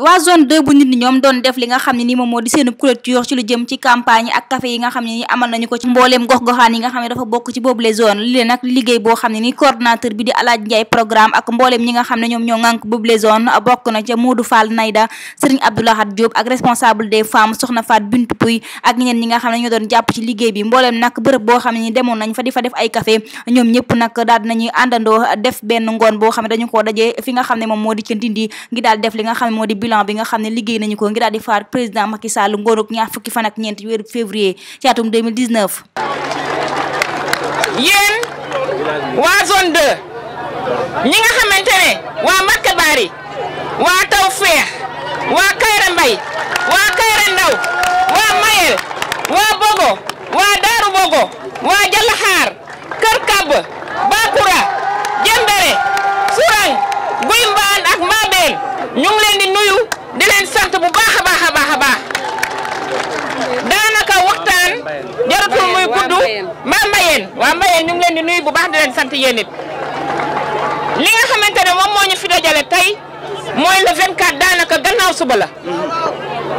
waa zone 2 bu nit ñoom doon def li nga xam ne ni moom moo di seenub clôture ci lu jëm ci campagne ak café yi nga xam ne ni amal nañu ko mbooleem gox-goxaan yi nga xam ne dafa ñoom na ca Modou Fall Nayda Serigne Abdoulahat Diop ak responsable des femmes soxna Fat Bintou Pouy ak ñeneen nga xam ne boo xam ne ni demoon nañ fa ñoom ñëpp nag daal dinañuy àndandoo def benn ngoon boo xam ne dañu koo dajee fi nga xam ne moom moo di ca Ndindi ngi daal def li nga xam ne moo di bilan bi nga xam ne liggéey nañu ko ngir daal di faar président Macky Sall ngoonuk ñaar fukki fan ak ñeent weeru février ci atum 2019. yéen waa zone 2 ñi nga xamante waa Maka Bari waa Tawfeex waa Kayra waa Kayra waa Mayel waa Bogo waa Daaru Bogo waa Jalla jaratul muy gudd maa mbayeen waa mbayeen ñu ngi leen di nuyu bu baax di leen sant yéen it li nga xamante ne moom moo ñu fi dajale tey mooy le 24 daanaka gannaaw suba la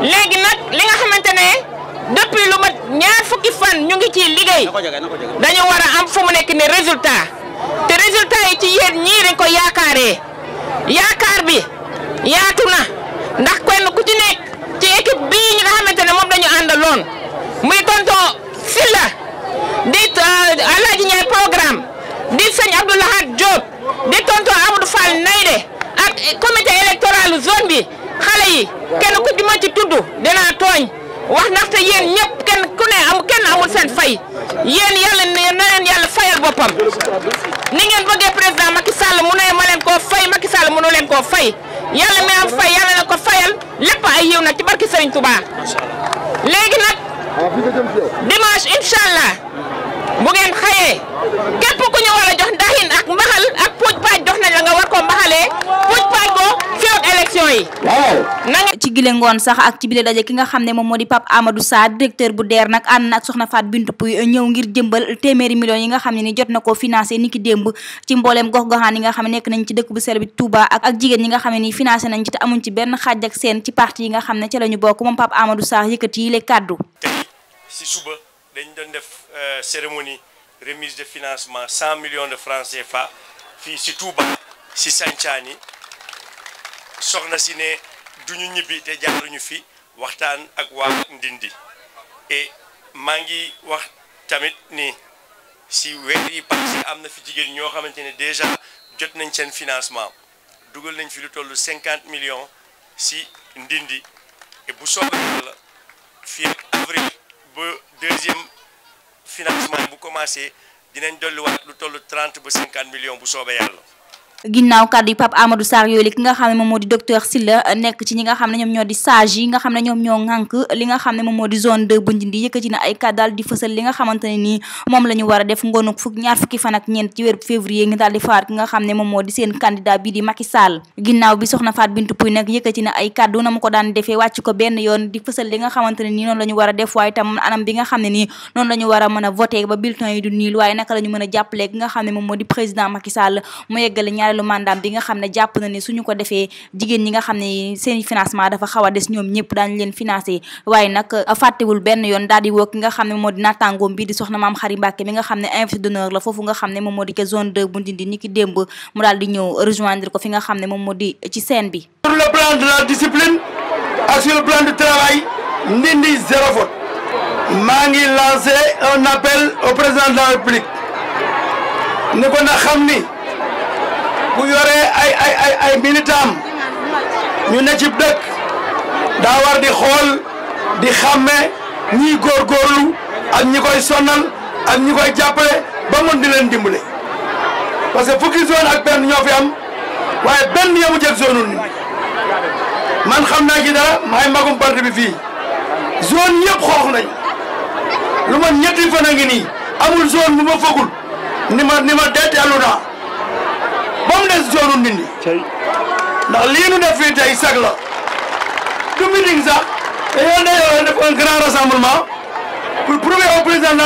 léegi nag li nga xamante ne depuis lu mat ñaar fukki fan ñu ngi ciy liggéey dañu war a am fu mu nekk ni résultat te résultat yi ci yéen ñii ko yaakaaree yaakaar bi yaatu na ndax kenn ku ci nekk ci équipe bii ñi nga xamante ne moom dañu àndaloon muy tonton Silla di euh, Alaaji Njaay programme di sëñ Abdoulahad Diop di tonton Amadou Fall Nayde ak comité électoral bi xale yi kenn ku ci ma ci tudd dinaa tooñ wax ndaxte yéen ñëpp kenn ku ne am seen fay yéen yàlla na leen yàlla fayal boppam ni ngeen bëggee président Macky Sall mu ne ma leen koo fay Macky Sall mënu leen koo fay yàlla mi am fay yàlla na ko fayal lépp ay yiw nag ci barki Serigne Touba léegi nag dimanche incha allah bu ngeen képp ku ñu war a jox ndaxin ak mbaxal ak puuj paaj jox nañ nga war koo mbaxalee puuj paaj ko fépp élection yi. waaw. ci gile ngoon sax ak ci bile daje ki nga xam ne moom moo di pap Amadou Sarr directeur bu DER nag ànd na ak soxna Faat Bintou Pouy ñëw ngir jëmbal téeméeri millions yi nga xam ne ni jot na ko financé ni ki démb ci mbooleem gox-goxaan yi nga xam nekk nañ ci dëkk bu sell bi Touba ak ak jigéen ñi nga xam ne ni financé nañ ci te ci benn xaaj ak seen ci yi nga xam ne ca la ñu bokk moom Pape Amadou Sarr yëkkati kàddu si suba dañ doon def euh, cérémonie remise de financement cent million de francs fa fii si Touba si Sancani soxna si ne duñu ñibbi te jaaruñu fi waxtaan ak waa Ndindi et maa ngi wax tamit ni si weer yi passé am na fi jigéen ñoo xamante ne déjà jot nañ seen financement dugal nañ fi lu toll cinquante million si Ndindi et bu soobee la fii avril ba deuxième financement bu commencé dinañ dolliwaat lu toll 30 ba cinquante million bu soobee yàlla ginnaaw kàddu yi Pape Amadou Sarr yooyu li ki nga xam ne moom moo di docteur Sylla nekk ci ñi nga xam ne ñoom ñoo di sage yi nga xam ne ñoom ñoo ŋànk li nga xam ne moom moo di zone 2 bu Ndindi yëkkati na ay kàddu daal di fësal li nga xamante ne nii moom la ñu war a def ngoonu fukk ñaar fukki fan ak ñeent ci weeru février ngi daal di faat ki nga xam ne moom moo di seen candidat bi di Macky Sall ginnaaw bi soxna Faat Bintou Pouye nag yëkkati na ay kàddu na mu ko daan defee wàcc ko benn yoon di fësal li nga xamante ne nii noonu la ñu war a def waaye tam anam bi nga xam ne nii noonu la ñu war a mën a voté ba bulletin yi du niil waaye naka la ñu mën a jàppalee ki nga xam ne moom moo di président Macky Sall mu yeggale ñaar ñaareelu mandaam bi nga xam ne jàpp na ni suñu ko defee jigéen ñi nga xam ne seen financement dafa xaw a des ñoom ñëpp daañu leen financé waaye nag euh, fàttewul benn yoon daal di woo nga xam ne moo di naataangoom bii di soxna maam xari Mbàkke mi nga xam ne invité d'honneur la foofu nga xam ne moom moo di ci scène bi sur le plan de la discipline ak sur le plan du travail Ndindi zéro faute maa ngi lancé un appel au président de la République ni bu yoree ay ay ñu ne ci dëkk daa di xool di xàmme góor góorgóorlu ak ñi koy sonnal ak ñu koy jàppale ba mën di leen parce que fukki zone ak benn ñoo fi am waaye benn yamu jëg zone ni man xam naa ci dara maay magum parti bi fii zone yëpp xoox lu ma ñetti fan a ngi nii amul zone bu ma fëggul ni ma ni ma deet yàllu naa des zone Ndindy ndax lii de la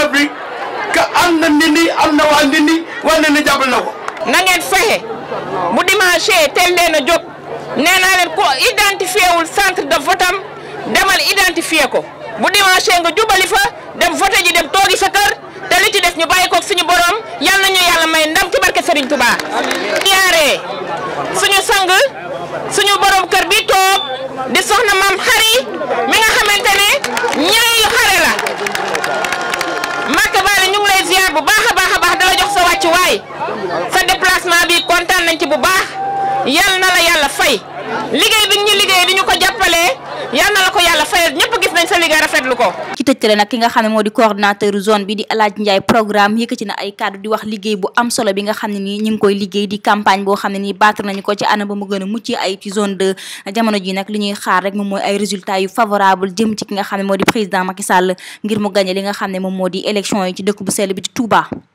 République que am na Ndindy am na waa Ndindy wane na jàppale na ko. na ngeen fexe leen a jóg centre de votam demal identifié ko bu dimanche nga jubali fa dem voté. dem yi sa kër te li ci def ñu bàyyi koog suñu borom yal nañu yàlla may ndam ci barke Serigne Touba. yaaree suñu sang suñu borom kër bi toog di soxna maam xari mi nga xamante ne ñaayu xare la Maka Bally ñu ngi lay ziar bu baax a baax a baax dala jox sa wàccuwaay sa déplacement bi kontaan nañ ci bu baax yal na la yàlla fay liggéey bi ñu liggéey. sañ-sañ li nga ko. ci tëjtale nag ki nga xam ne moo di coordinateur zone bi di El Hadj Ndiaye programme yëkkati na ay kàddu di wax liggéey bu am solo bi nga xam ne nii ñu ngi koy liggéey di campagne boo xam ne nii battre nañu ko ci anam ba mu gën a mucc ay ci zone de jamono ji nag li ñuy xaar rek moom mooy ay résultats yu favorable jëm ci ki nga xam ne moo di président Macky Sall ngir mu gagné li nga xam ne moom moo di élection yi ci dëkk bu sell bi di